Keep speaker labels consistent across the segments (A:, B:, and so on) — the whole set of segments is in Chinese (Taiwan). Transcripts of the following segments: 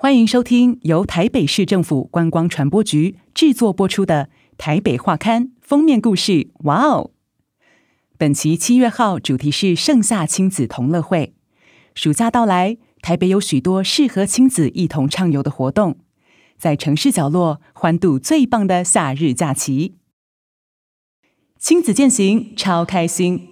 A: 歡迎收聽由台北市政府觀光傳播局制作播出的《台北畫刊》封面故事。哇哦！本期七月號主題是“盛夏親子同樂會”。暑假到來，台北有許多適合親子一同暢遊的活動，在城市角落歡度最棒的夏日假期。親子踐行，超開心！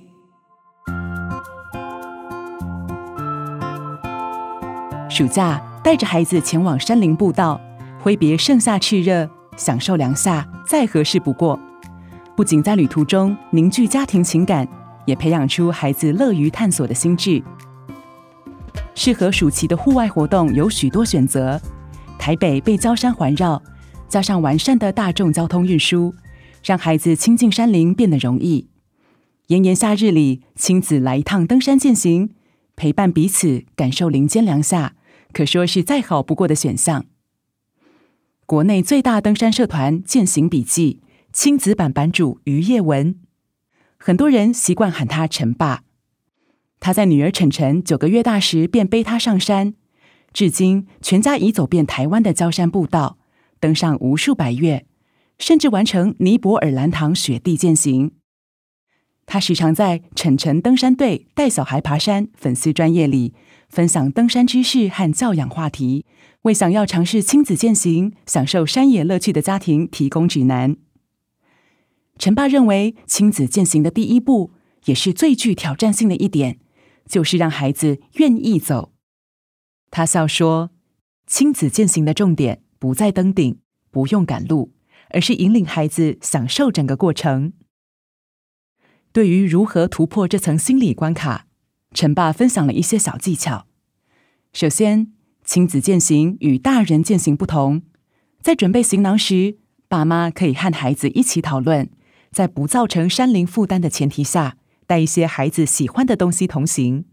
A: 暑假。帶着孩子前往山林步道，揮別盛夏熾熱，享受涼夏再合適不過。不僅在旅途中凝聚家庭情感，也培養出孩子樂於探索的心智。適合暑期的戶外活動有許多選擇。台北被郊山環繞，加上完善的大眾交通運輸，讓孩子親近山林變得容易。炎炎夏日裡，親子來一趟登山健行，陪伴彼此感受林間涼夏，可說是再好不過的選項。國內最大登山社團“健行筆記”親子版版主於葉文，很多人習慣喊他陳爸。他在女兒晨晨九個月大時便背她上山，至今全家已走遍台灣的郊山步道，登上無數百岳，甚至完成尼泊爾蘭塘雪地健行。他時常在“晨晨登山隊”帶小孩爬山，粉絲專頁裡分享登山知識和教養話題，為想要嘗試親子健行、享受山野樂趣的家庭提供指南。陳爸認為，親子健行的第一步，也是最具挑戰性的一點，就是讓孩子願意走。他笑說：“親子健行的重點不在登頂，不用趕路，而是引領孩子享受整個過程。”對於如何突破這層心理關卡，陳爸分享了一些小技巧。首先，親子健行與大人健行不同，在準備行囊時，爸媽可以和孩子一起討論，在不造成山林負擔的前提下，帶一些孩子喜歡的東西同行。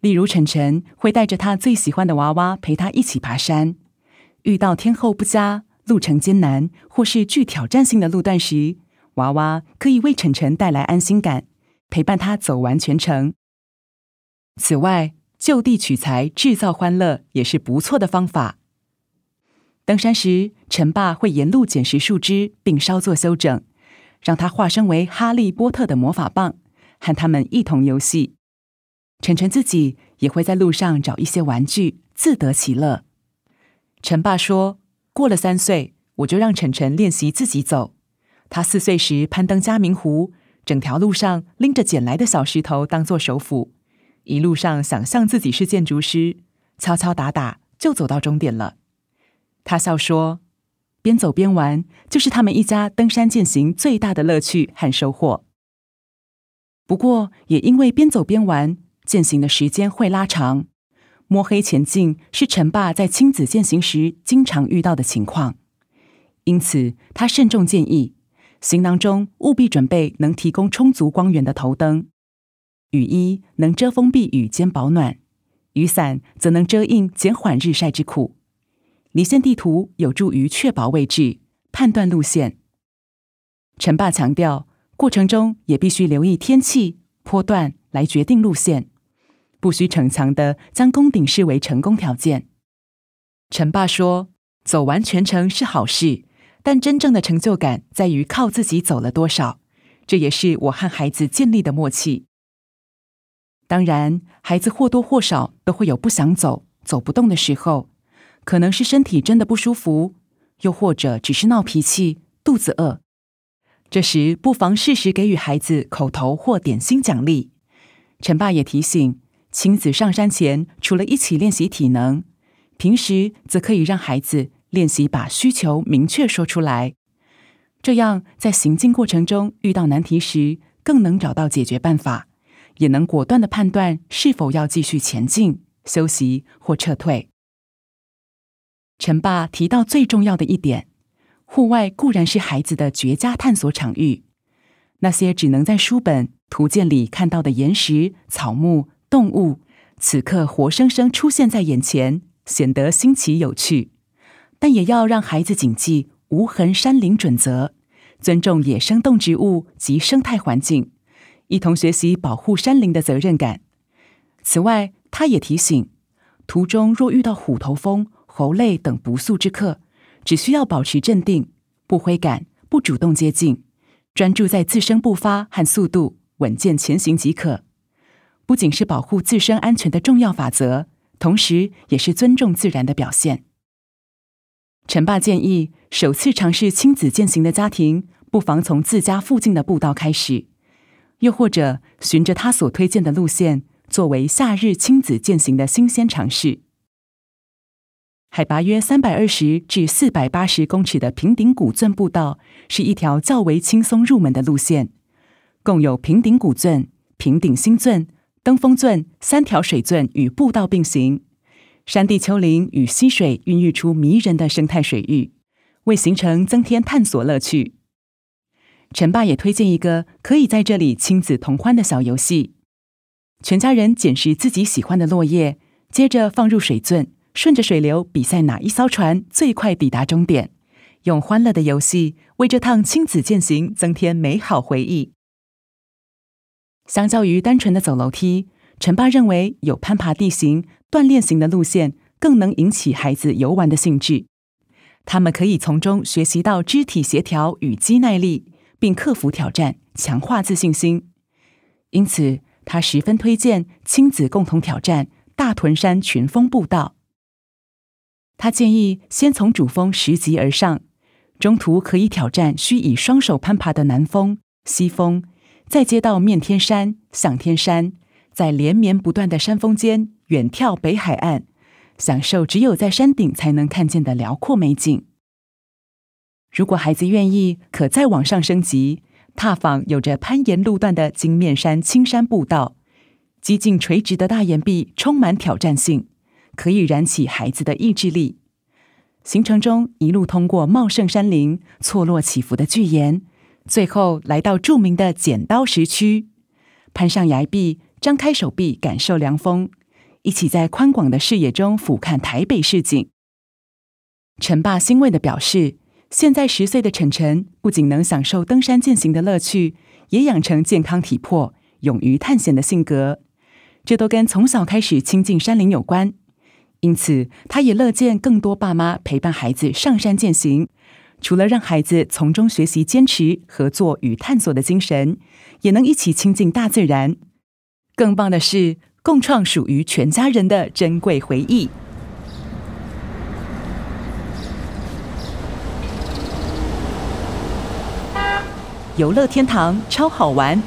A: 例如，晨晨會帶着他最喜歡的娃娃陪他一起爬山。遇到天候不佳、路程艱難或是具挑戰性的路段時，娃娃可以為晨晨帶來安心感，陪伴他走完全程。此外，就地取材製造歡樂也是不錯的方法。登山時，陳爸會沿路撿拾樹枝，並稍作修整，讓他化身為哈利波特的魔法棒，和他們一同遊戲。晨晨自己也會在路上找一些玩具，自得其樂。陳爸說：“過了三歲，我就讓晨晨練習自己走。”他四歲時攀登嘉明湖，整條路上拎着撿來的小石頭當做手斧，一路上想象自己是建築師，敲敲打打就走到終點了。他笑說：“邊走邊玩，就是他們一家登山健行最大的樂趣和收穫。”不過，也因為邊走邊玩，健行的時間會拉長，摸黑前進是陳爸在親子健行時經常遇到的情況，因此他慎重建議。行囊中務必準備能提供充足光源的頭燈、雨衣，能遮風避雨兼保暖；雨傘則能遮陰，減緩日曬之苦。離線地圖有助於確保位置、判斷路線。陳爸強調，過程中也必須留意天氣、坡段來決定路線，不需逞強的將攻頂視為成功條件。陳爸說：“走完全程是好事。”但真正的成就感在於靠自己走了多少，這也是我和孩子建立的默契。當然，孩子或多或少都會有不想走、走不動的時候，可能是身體真的不舒服，又或者只是鬧脾氣、肚子餓。這時不妨適時給予孩子口頭或點心獎勵。陳爸也提醒，親子上山前除了一起練習體能，平時則可以讓孩子練習把需求明確說出來，這樣在行進過程中遇到難題時，更能找到解決辦法，也能果斷的判斷是否要繼續前進、休息或撤退。陳爸提到最重要的一點：戶外固然是孩子的絕佳探索場域，那些只能在書本、圖鑑裡看到的岩石、草木、動物，此刻活生生出現在眼前，顯得新奇有趣。但也要讓孩子謹記“無痕山林”準則，尊重野生動植物及生態環境，一同學習保護山林的責任感。此外，他也提醒，途中若遇到虎頭蜂、猴類等不速之客，只需要保持鎮定，不揮趕，不主動接近，專注在自身步伐和速度，穩健前行即可。不僅是保護自身安全的重要法則，同時也是尊重自然的表現。陳爸建議，首次嘗試親子踐行的家庭，不妨從自家附近的步道開始，又或者循着他所推薦的路線，作為夏日親子踐行的新鮮嘗試。海拔約三百二十至四百八十公尺的平頂古圳步道，是一條較為輕鬆入門的路線，共有平頂古圳、平頂新圳、登峰圳三條水圳與步道並行。山地丘陵與溪水孕育出迷人的生態水域，為行程增添探索樂趣。陳爸也推薦一個可以在這裡親子同歡的小遊戲：全家人撿拾自己喜歡的落葉，接着放入水樽，順着水流比賽哪一艘船最快抵達終點。用歡樂的遊戲為這趟親子健行增添美好回憶。相較於單純的走樓梯，陳爸認為有攀爬地形，鍛鍊型的路線更能引起孩子遊玩的興趣，他們可以從中學習到肢體協調與肌耐力，並克服挑戰，強化自信心。因此，他十分推薦親子共同挑戰大屯山群峰步道。他建議先從主峰拾級而上，中途可以挑戰需以雙手攀爬的南峰、西峰，再接到面天山、向天山。在連綿不斷的山峰間遠眺北海岸，享受只有在山頂才能看見的遼闊美景。如果孩子願意，可再往上升級，踏訪有着攀岩路段的金面山青山步道。幾近垂直的大岩壁充滿挑戰性，可以燃起孩子的意志力。行程中一路通過茂盛山林、錯落起伏的巨岩，最後來到著名的剪刀石區，攀上崖壁。張開手臂，感受涼風，一起在寬廣的視野中俯瞰台北市景。陳爸欣慰地表示，現在十歲的陳晨不僅能享受登山健行的樂趣，也養成健康體魄、勇於探險的性格。這都跟從小開始親近山林有關。因此，他也樂見更多爸媽陪伴孩子上山健行，除了讓孩子從中學習堅持、合作與探索的精神，也能一起親近大自然。更棒的是，共創屬於全家人的珍貴回憶。遊樂天堂超好玩，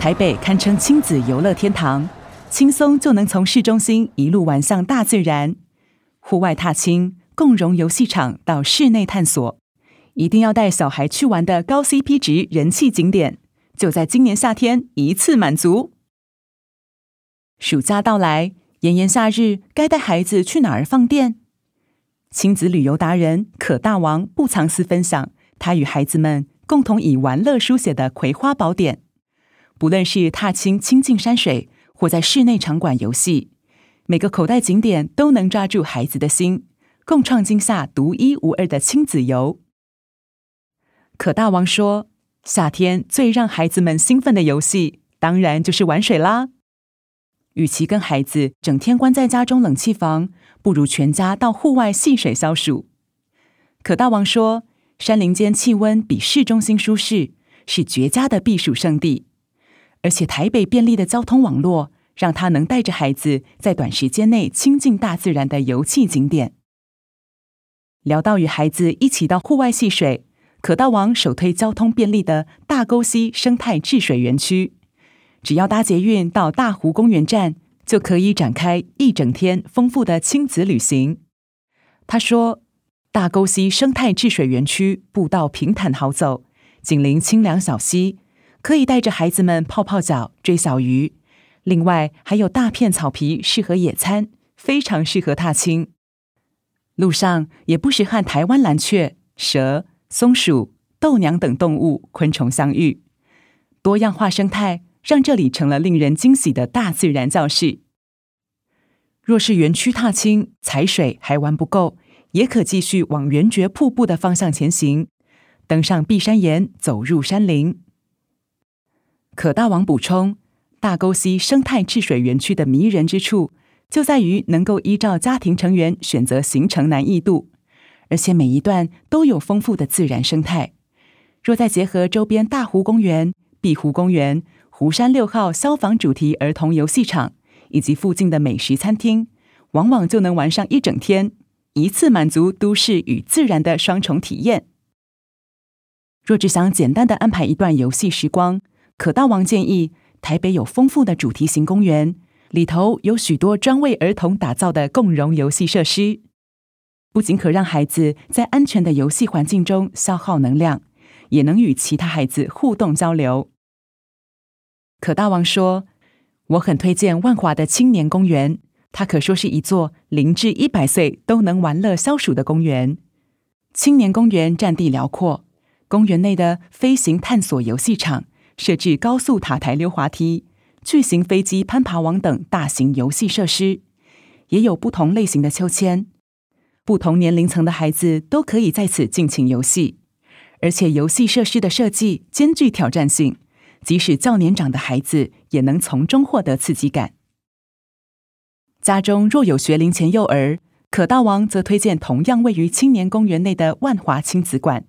A: 台北堪稱親子遊樂天堂，輕鬆就能從市中心一路玩向大自然，戶外踏青，共融遊戲場到室內探索。一定要帶小孩去玩的高 CP 值人氣景點，就在今年夏天一次滿足。暑假到來，炎炎夏日該帶孩子去哪兒放電？親子旅遊達人可大王不藏私分享，他與孩子們共同以玩樂書寫的葵花寶典。不論是踏青親近山水，或在室內場館遊戲，每個口袋景點都能抓住孩子的心，共創今夏獨一無二的親子遊。可大王說，夏天最讓孩子們興奮的遊戲，當然就是玩水啦。與其跟孩子整天關在家中冷氣房，不如全家到戶外戲水消暑。可大王說，山林間氣溫比市中心舒適，是絕佳的避暑勝地。而且台北便利的交通網絡，讓他能帶着孩子在短時間內親近大自然的遊憩景點。聊到與孩子一起到戶外戲水。可到網首推交通便利的大溝溪生態治水園區，只要搭捷運到大湖公園站，就可以展開一整天豐富的親子旅行。他說：“大溝溪生態治水園區步道平坦好走，緊鄰清涼小溪，可以帶着孩子們泡泡腳、追小魚。另外還有大片草皮，適合野餐，非常適合踏青。路上也不時看台灣藍鵲、蛇。”松鼠、豆娘等動物、昆蟲相遇，多樣化生態讓這裡成了令人驚喜的大自然教室。若是園區踏青、踩水還玩不夠，也可繼續往圓覺瀑布的方向前行，登上碧山岩，走入山林。可大王補充：大溝溪生態治水園區的迷人之處，就在於能夠依照家庭成員選擇行程難易度。而且每一段都有豐富的自然生態，若再結合周邊大湖公園、碧湖公園、湖山六號消防主題兒童遊戲場以及附近的美食餐廳，往往就能玩上一整天，一次滿足都市與自然的雙重體驗。若只想簡單的安排一段遊戲時光，可大王建議，台北有豐富的主題型公園，裡頭有許多專為兒童打造的共融遊戲設施。不僅可讓孩子在安全的遊戲環境中消耗能量，也能與其他孩子互動交流。可大王說：“我很推薦萬華的青年公園，它可說是一座零至一百歲都能玩樂消暑的公園。青年公園佔地遼闊，公園內的飛行探索遊戲場設置高速塔台溜滑梯、巨型飛機攀爬網等大型遊戲設施，也有不同類型的秋千。”不同年齡層的孩子都可以在此盡情遊戲，而且遊戲設施的設計兼具挑戰性，即使較年長的孩子也能從中獲得刺激感。家中若有學齡前幼兒，可大王則推薦同樣位於青年公園內的萬華親子館，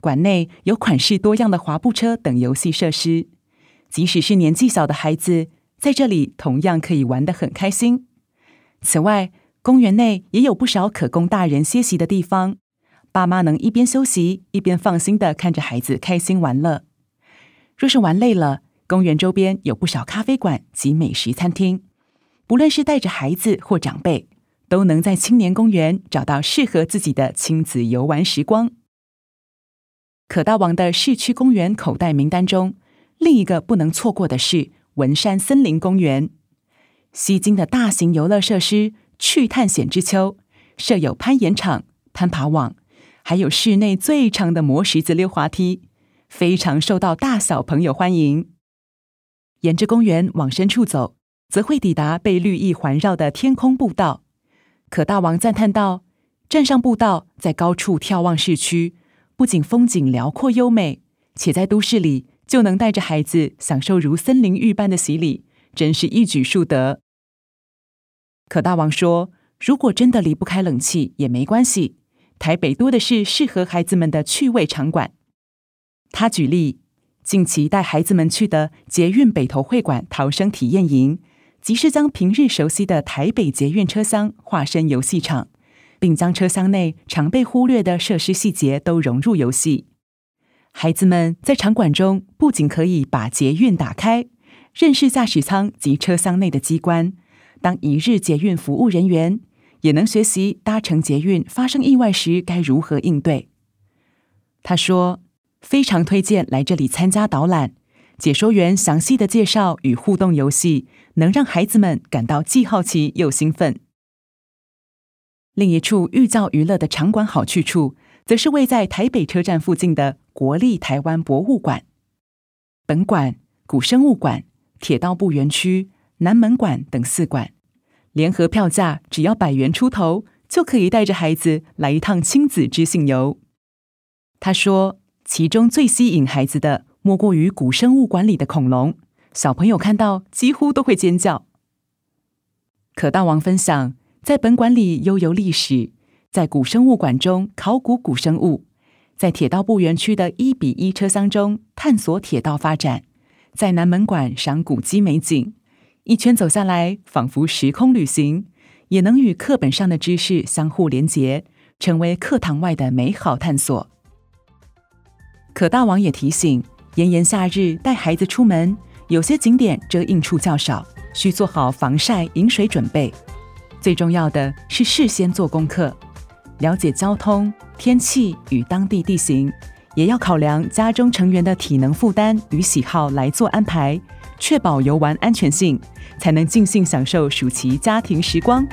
A: 館內有款式多樣的滑步車等遊戲設施，即使是年紀小的孩子，在這裡同樣可以玩得很開心。此外，公園內也有不少可供大人歇息的地方，爸媽能一邊休息一邊放心的看着孩子開心玩樂。若是玩累了，公園周邊有不少咖啡館及美食餐廳，不論是帶着孩子或長輩，都能在青年公園找到適合自己的親子遊玩時光。可大王的市區公園口袋名單中，另一個不能錯過的是文山森林公園，吸睛的大型遊樂設施。去探險之丘設有攀岩場、攀爬網，還有室內最長的磨石子溜滑梯，非常受到大小朋友歡迎。沿着公園往深處走，則會抵達被綠意環繞的天空步道。可大王讚嘆道：“站上步道，在高處眺望市區，不僅風景遼闊優美，且在都市裡就能帶着孩子享受如森林浴般的洗禮，真是一舉數得。”可大王說：“如果真的離不開冷氣也沒關係，台北多的是適合孩子們的趣味場館。”他舉例，近期帶孩子們去的捷運北投會館逃生體驗營，即是將平日熟悉的台北捷運車廂化身遊戲場，並將車廂內常被忽略的設施細節都融入遊戲。孩子們在場館中不僅可以把捷運打開，認識駕駛艙及車廂內的機關。當一日捷運服務人員，也能學習搭乘捷運發生意外時該如何應對。他說：“非常推薦來這裡參加導覽，解說員詳細的介紹與互動遊戲，能讓孩子們感到既好奇又興奮。”另一處寓教於樂的場館好去處，則是位在台北車站附近的國立台灣博物館。本館、古生物館、鐵道部園區、南門館等四館聯合票價只要百元出頭，就可以帶着孩子來一趟親子知性遊。他說，其中最吸引孩子的，莫過於古生物館裡的恐龍，小朋友看到幾乎都會尖叫。可大王分享，在本館裡悠遊歷史，在古生物館中考古古生物，在鐵道部園區的一比一車廂中探索鐵道發展，在南門館賞古蹟美景。一圈走下來，仿佛時空旅行，也能與課本上的知識相互連結，成為課堂外的美好探索。可大王也提醒：炎炎夏日帶孩子出門，有些景點遮蔭處較少，需做好防曬、飲水準備。最重要的是事先做功課，了解交通、天氣與當地地形，也要考量家中成員的體能負擔與喜好來做安排。確保遊玩安全性，才能盡興享受暑期家庭時光。